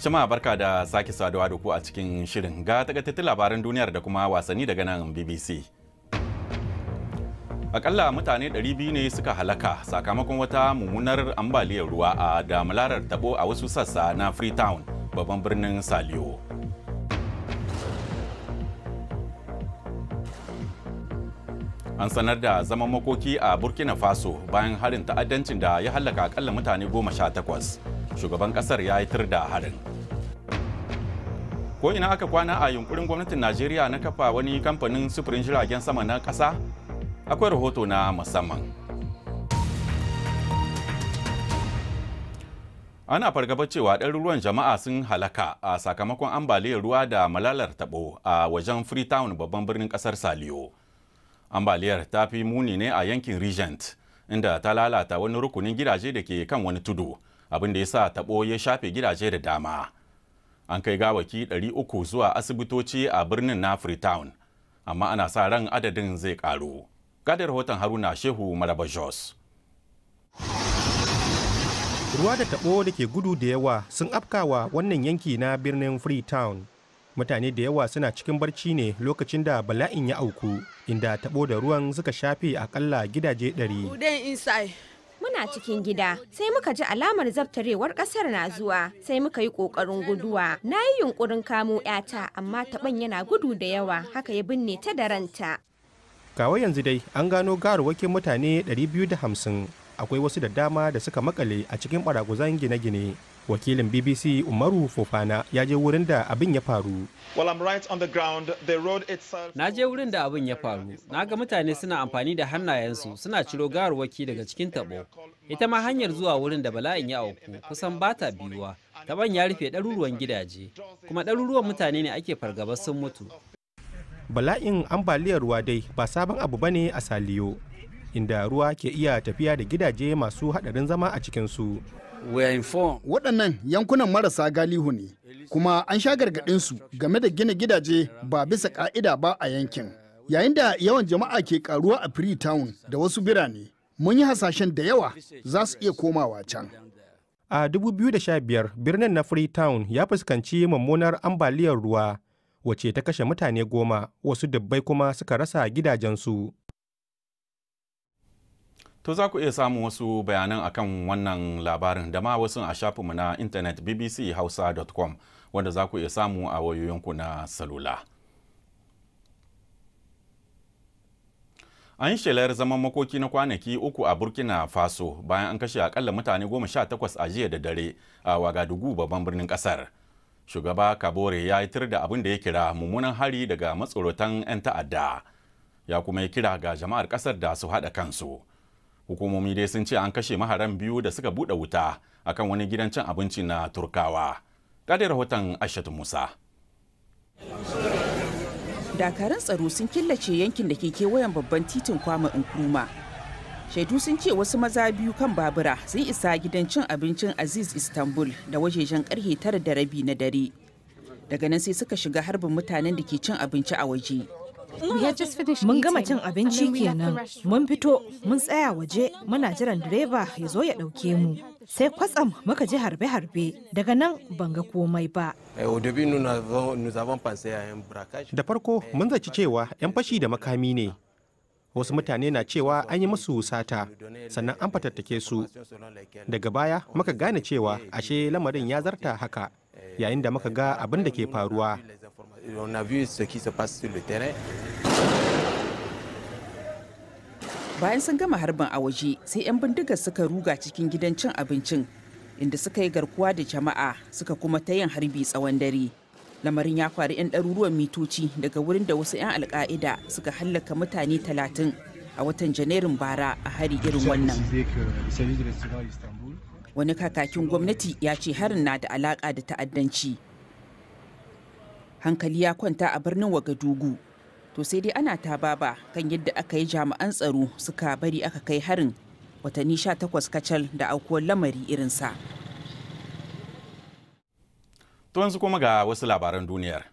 Shama barka da sake saduwa da ku a cikin shirin ga takaitattun labaran duniyar da kuma wasanni daga nan BBC. Akalla mutane 200 ne suka halaka sakamakon wata mummunar ambaliyar ruwa a da malarar tabo a wasu sassa na Freetown babban birnin Saliyo. An sanar da zaman makoki a Burkina Faso bayan harin ta'addancin da ya halaka akalla mutane goma sha takwas. shugaban kasar ya yi yitar da harin ko ina aka kwana a yunkurin gwamnatin najeriya na kafa wani kamfanin sufurin jiragen sama na kasa akwai rahoto na musamman ana fargabar cewa ɗaruruwan jama'a sun halaka a sakamakon ambaliyar ruwa da malalar tabo a wajen freetown babban birnin kasar saliyo ambaliyar ta fi muni ne a yankin regent inda ta lalata wani rukunin gidaje da ke kan wani tudu abin da ya sa taɓo ya shafe gidaje da dama an kai gawaki 300 zuwa asibitoci a birnin na freetown amma ana sa ran adadin zai ƙaru gadar rahoton haruna shehu maraba jos ruwa da taɓo da ke gudu da yawa sun afkawa wannan yanki na birnin freetown mutane da yawa suna cikin barci ne lokacin da bala'in ya auku inda taɓo da ruwan suka shafe akalla gidaje ɗari. muna cikin gida sai muka ji alamar zaftarewar kasar na zuwa sai muka yi ƙoƙarin guduwa. Na yi yunƙurin kamo 'yata amma taɓan yana gudu da yawa haka ya binne ta da ranta. Kawai yanzu dai an gano gawarwakin mutane 250 akwai wasu da dama da suka makale a cikin ɓaraguzan gine-gine. wakilin bbc umaru fofana ya je wurin da abin ya faru na je wurin da abin ya faru na ga mutane suna amfani da hannayensu suna ciro gawarwaki daga cikin tabo ita ma hanyar zuwa wurin da bala'in ya auku kusan ba ta biyuwa taban ya rufe ɗaruruwan gidaje kuma ɗaruruwan mutane ne ake fargaba sun mutu bala'in ambaliyar ruwa dai ba sabon abu ba ne a saliyo inda ruwa ke iya tafiya da gidaje masu haɗarin zama a cikinsu Waɗannan yankunan marasa galihu ne, kuma an sha gargaɗinsu game da gina gidaje ba bisa ƙa'ida ba a yankin. Yayin da yawan jama'a ke ƙaruwa a Freetown da wasu birane, mun yi hasashen da yawa za su iya komawa can. A 2015 birnin na Freetown ya fuskanci mummunar ambaliyar ruwa, wace ta kashe mutane goma, wasu dubbai kuma suka rasa gidajensu. To za ku iya samun wasu bayanan akan wannan labarin da ma wasu a shafinmu na intanet bbchausa.com wanda za ku iya samu a wayoyinku na salula. An shelar zaman makoki na kwanaki uku a Burkina Faso bayan an kashe akalla mutane goma sha takwas a jiya da dare a Wagadugu babban birnin kasar. Shugaba Kabore ya yi tir da abin da ya kira mummunan hari daga matsorotan 'yan ta'adda. Ya kuma yi kira ga jama'ar kasar da su haɗa kansu. hukumomi dai sun ce an kashe maharan biyu da suka buɗe wuta akan wani gidan cin abinci na turkawa kada rahoton ashatu musa dakarun tsaro sun killace yankin da ke kewayen babban titin kwama nkrumah shaidu sun ce wasu maza biyu kan babura sun isa gidan cin abincin aziz istanbul da wajejen karhe tara da rabi na dare daga nan sai suka shiga harbin mutanen da ke cin abinci a waje Mun gama cin abinci kenan. Mun fito, mun tsaya waje, muna jiran direba ya zo ya ɗauke mu. Sai kwatsam muka ji harbe-harbe. Daga nan ban ga komai ba. Eh, da farko mun zaci cewa 'yan fashi da makami ne. Wasu mutane na cewa an yi musu sata, sannan an fatattake su. Daga baya muka gane cewa ashe lamarin ya zarta haka, yayin da muka ga abin da ke faruwa. on a vu ce qui se passe sur le terrain. Bayan sun gama harbin a waje sai 'yan bindigar suka ruga cikin gidan cin abincin inda suka yi garkuwa da jama'a suka kuma ta yin harbi tsawon dare. Lamarin ya faru 'yan ɗaruruwan mitoci daga wurin da wasu 'yan alka'ida suka hallaka mutane talatin a watan Janairun bara a hari irin wannan. Wani kakakin gwamnati ya ce harin na da alaƙa da ta'addanci. hankali ya kwanta a birnin wagadugu to sai dai ana ta baba kan yadda aka yi jami'an tsaro suka bari aka kai harin watanni 18 kacal da aukuwar lamari irinsa to yanzu kuma ga wasu labaran duniyar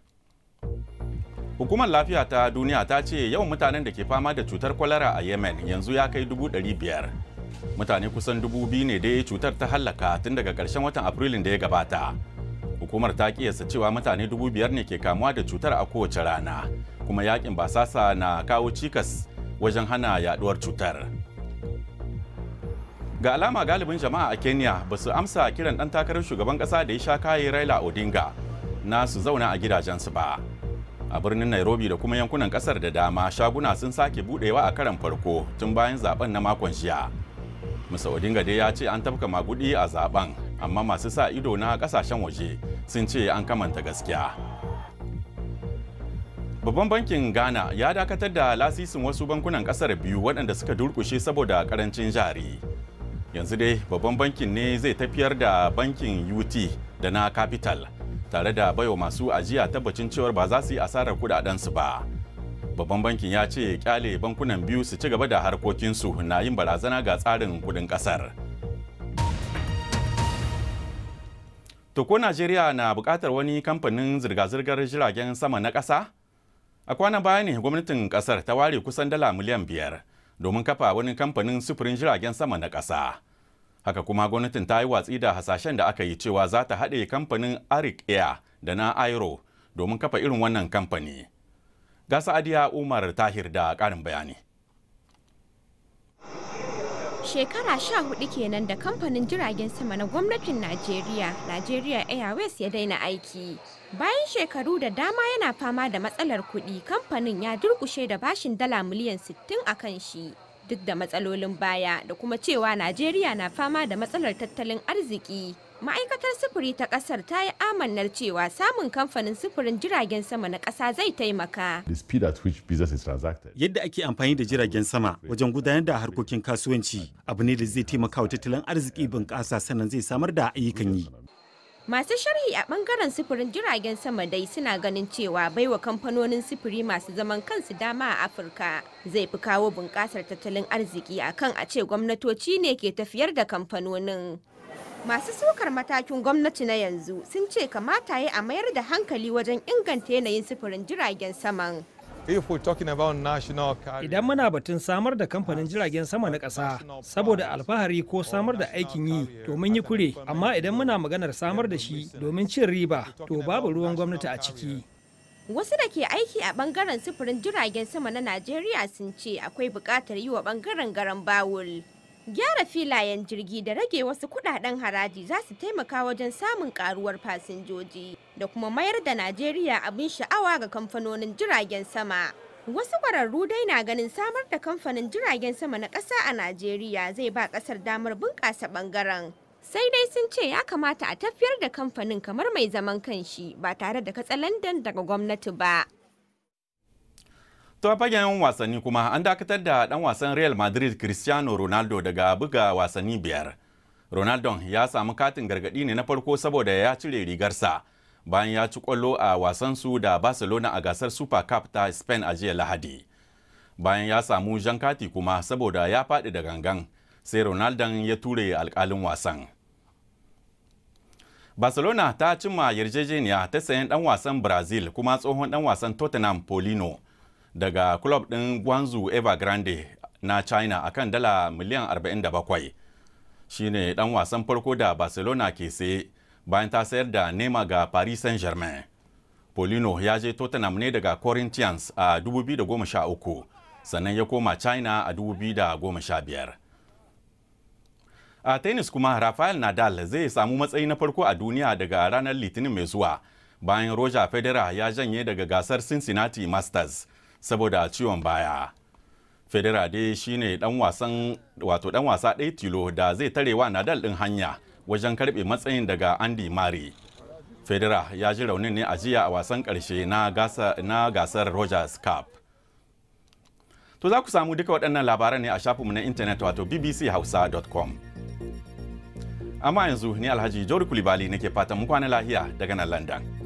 hukumar lafiya ta duniya ta ce yawan mutanen da ke fama da cutar kwalara a yemen yanzu ya kai dubu biyar mutane kusan dubu biyu ne dai cutar ta hallaka tun daga ƙarshen watan afrilun da ya gabata hukumar ta kiyasta cewa mutane dubu biyar ne ke kamuwa da cutar a kowace rana kuma yakin basasa na kawo cikas wajen hana yaduwar cutar ga alama galibin jama'a a kenya ba su amsa kiran dan takarar shugaban kasa da ya sha kayi raila odinga na su zauna a gidajensu ba a birnin nairobi da kuma yankunan kasar da dama shaguna sun sake budewa a karan farko tun bayan zaben na makon jiya musa odinga dai ya ce an tafka magudi a zaben amma masu sa ido na kasashen waje sun ce an kamanta gaskiya babban bankin ghana ya dakatar da lasisin wasu bankunan kasar biyu waɗanda suka durkushe saboda karancin jari yanzu dai babban bankin ne zai tafiyar da bankin ut da na capital tare da baiwa masu ajiya tabbacin cewar ba za su yi asarar kudadensu ba babban bankin ya ce kyale bankunan biyu su ci gaba da harkokinsu na yin barazana ga tsarin kudin kasar. To ko Najeriya na buƙatar wani kamfanin zirga-zirgar jiragen sama na ƙasa? A kwana baya ne gwamnatin ƙasar ta ware kusan dala miliyan biyar domin kafa wani kamfanin sufurin jiragen sama na ƙasa. Haka kuma gwamnatin ta yi watsi da hasashen da aka yi cewa za ta haɗe kamfanin Arik Air da na Airo domin kafa irin wannan kamfani. Ga Sa'adiya Umar Tahir da ƙarin bayani. shekara sha hudu kenan da kamfanin jiragen sama na gwamnatin najeriya nigeria airways ya daina aiki bayan shekaru da dama yana fama da matsalar kuɗi kamfanin ya durkushe da bashin dala miliyan 60 a kan shi duk da matsalolin baya da kuma cewa najeriya na fama da matsalar tattalin arziki ma'aikatar sufuri ta kasar ta yi amannar cewa samun kamfanin sufurin jiragen sama na kasa zai taimaka. Yadda ake amfani da jiragen sama wajen gudanar da harkokin kasuwanci abu ne da zai taimaka wa tattalin arziki bunƙasa sannan zai samar da ayyukan yi. Masu sharhi a bangaren sufurin jiragen sama dai suna ganin cewa baiwa kamfanonin sufuri masu zaman kansu dama a Afirka zai fi kawo bunƙasar tattalin arziki akan a ce gwamnatoci ne ke tafiyar da kamfanonin. Masu sukar matakin gwamnati na yanzu sun ce kamata ya a mayar da hankali wajen inganta yanayin sufurin jiragen saman. Idan muna batun samar da kamfanin jiragen sama na ƙasa saboda alfahari ko samar da aikin yi domin yi kure, amma idan muna maganar samar da shi domin cin riba to babu ruwan gwamnati a ciki. Wasu da ke aiki a bangaren sufurin jiragen sama na Najeriya sun ce akwai buƙatar yi wa bangaren garan bawul. Gyara filayen jirgi da rage wasu kudaden haraji za su taimaka wajen samun karuwar fasinjoji da kuma mayar da Najeriya abin sha'awa ga kamfanonin jiragen sama. Wasu kwararru dai na ganin samar da kamfanin jiragen sama na ƙasa a Najeriya zai ba ƙasar damar bunƙasa ɓangaren. Sai dai sun ce ya kamata a tafiyar da kamfanin kamar mai zaman kanshi ba tare da katsalandan daga gwamnati ba. To fagen wasanni kuma an dakatar da ɗan wasan Real Madrid Cristiano Ronaldo daga buga wasanni biyar. Ronaldo ya samu katin gargaɗi ne na farko saboda ya cire rigarsa bayan ya ci kwallo a wasansu da Barcelona a gasar Super Cup ta Spain a jiya Lahadi. Bayan ya samu jan kati kuma saboda ya faɗi da gangan sai Ronaldo ya ture alkalin wasan. Barcelona ta cimma yarjejeniya ta sayan ɗan wasan Brazil kuma tsohon ɗan wasan Tottenham Polino. daga kulob din Guangzhou Evergrande na China akan dala miliyan 47. Shine dan wasan farko da Barcelona ke saye bayan ta sayar da nema ga Paris Saint-Germain. Polino ya je Tottenham ne daga Corinthians a 2013 sannan ya koma China a 2015. A tennis kuma Rafael Nadal zai samu matsayi na farko a duniya daga ranar Litinin mai zuwa bayan Roger Federer ya janye daga gasar Cincinnati Masters. saboda ciwon baya federer dai shine dan wasan wato dan wasa ɗaya tilo da zai tare wa nadal ɗin hanya wajen karɓe matsayin daga andy mari federer ya ji raunin ne a jiya a wasan ƙarshe na gasar rogers cup to za ku samu duka waɗannan labaran ne a shafinmu na intanet wato bbchausa.com amma yanzu ni alhaji jauri kulibali nake fatan mu kwana lahiya daga nan london